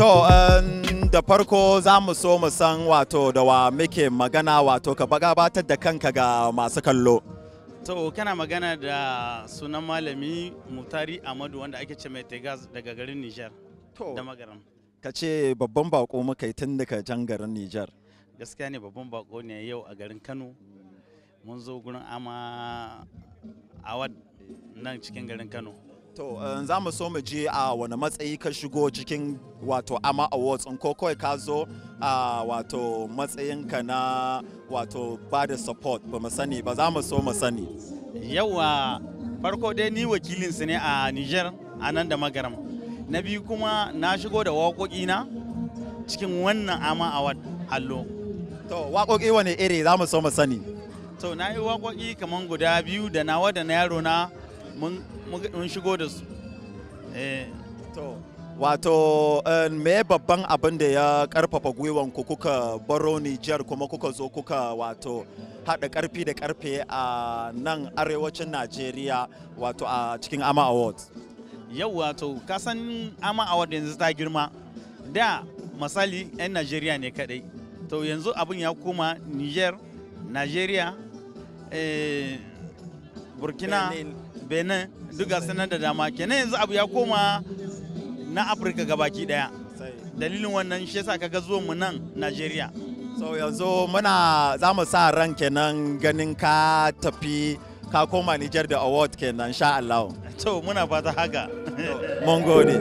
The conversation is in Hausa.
To, um, da farko za mu so mu san wato da wa muke magana wato ka gabatar da kanka ga masu kallo. To, kana magana da sunan malami Mutari Amadu wanda ake ce mai Tegas daga garin Nijar da magaram. Ka ce babban bako muka yi tun daga can garin Nijar. Gaskiya ne babban bako ne yau a garin Kano. Mun zo gurin ama awad nan cikin garin Kano. To eh, za mu so mu je a ah, wani matsayi ka shigo cikin wato AMA Awards in ko kawai ka zo a ah, wato matsayinka na wato ba da support ba mu sani ba za mu so mu sani. Yawa farko dai ni wakilin su ne a Niger a nan da magaram. Na biyu kuma na shigo da waƙoƙina cikin wannan AMA Award allo. To waƙoƙi wani iri za mu so mu sani. To na yi waƙoƙi kamar guda biyu da nawa da na yaro na mun shigo da su eh, wato eh, me babban abin da ya karfafa gwiwanku kuka baro Nijar kuma kuka zo kuka wato haɗa ƙarfi da ƙarfe a nan arewacin Najeriya wato a cikin AMA Awards. Yau wato kasan AMA Awards yanzu ta girma da misali 'yan Najeriya ne kaɗai. To yanzu abin ya koma Nijar, Najeriya, eh, burkina benin duka sanar da dama kenan yanzu abu ya koma na afirka gabaki daya dalilin wannan shi yasa kaga zuwan mu nan najeriya so yanzu muna za mu sa ran kenan ganin ka tafi ka koma nijar da award kenan sha Allah to muna fata haka mun gode